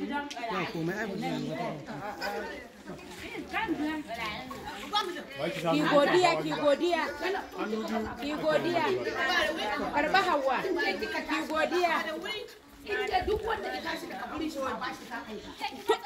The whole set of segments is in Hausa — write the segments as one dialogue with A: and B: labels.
A: ki godiya ki godiya ki godiya karba hawa ki godiya duk wanda ya tashi daga shi ba shi ta kai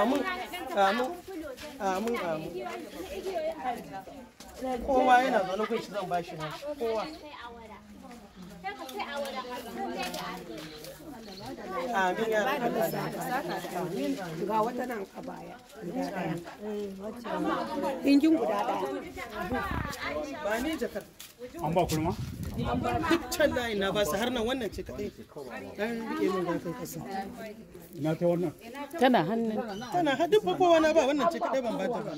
A: amin amin amin amin kowa yana zaune kai shi zan bashi nashi kowa Amin ya Ga wata nan a baya. guda ɗaya. Mm, ba jakar. An ba kurma? layin na ba su har nan wannan ce kaɗai. min kasa. Ina ta wannan? Tana hannun. Tana ba kowa na ba wannan ce kaɗai ban ba ta ba.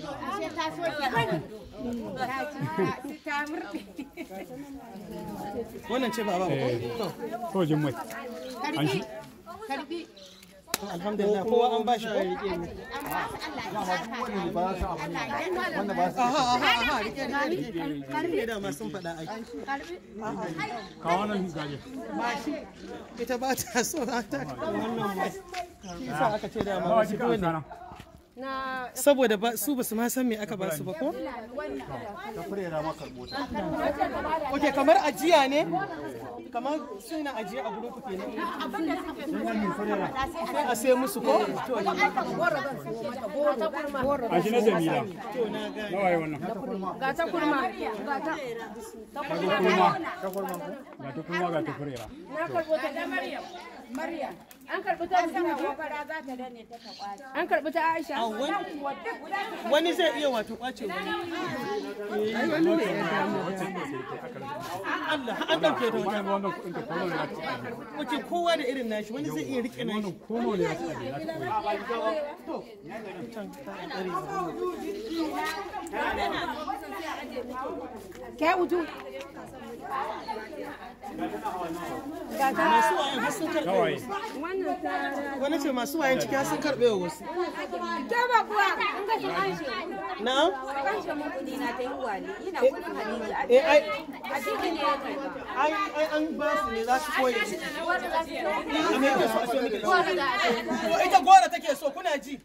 A: Wannan ce ba ba ba. Eh, mai. karbi alhamdulillah an bashi ko wanda ba su aha aha aha da ma ba shi saboda su ba su ma san me aka ba su ba ko ok kamar ajiya ne kamar suna ajiya a gurin kuke kenan sai a sai musu ko a An karɓi ta Aisha. An karɓi ta Aisha. Wani zai iya wato kwace wani. Ai Allah an ɗauke ta wajen. Wannan kuɗin ne Wace kowa da irin nashi wani zai iya nashi. ne Ga ta. Masu wani ce masu wayan ciki sun karɓe wa wasu ke ba kuwa in ka shi na'am kan na ta yi wani ina kudin halittu. Eh, eh, a cikin ne ya kai ba. an ba su ne za su koyi ita gora take so kuna ji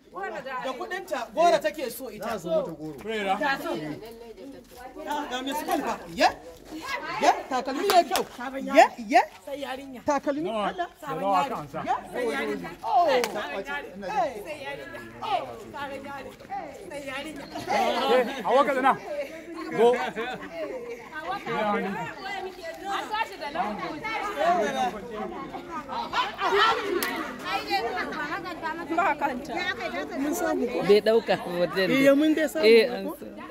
A: da kudinta gora take so ita ta so ta goro ta so ga miss ya takalmi ya kyau ya ya takalmi sai yarinya oh sai yarinya oh sai yarinya go eh, da ba kanta mun samu bai dauka eh mun dai samu eh,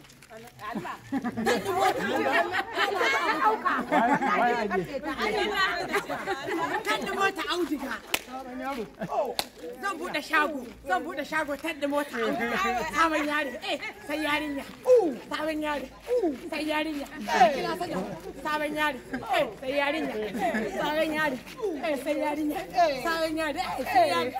A: Tadda mota auduga. Zan buɗe shago, zan buɗe shago tadda mota Sabon yari, eh, sai yarinya. Sabon yari, sai yarinya. Sabon eh, sai yarinya. Sabon eh, sai yarinya. Sabon eh, sai yarinya.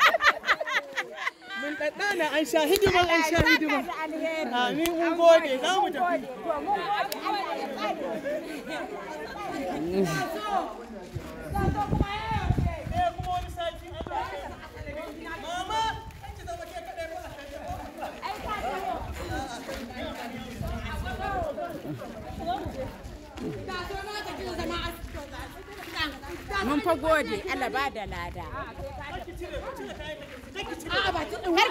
A: ana an sha hidimar an sha hidimar amin mun gode za mu tafi Mun fa gode, Allah ba da lada.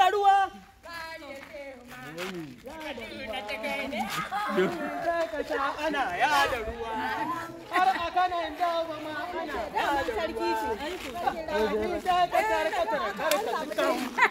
A: masa ruwa ana yada ruwa har a kanan dawa ma ana da ruwa sarki ce sarki ta ka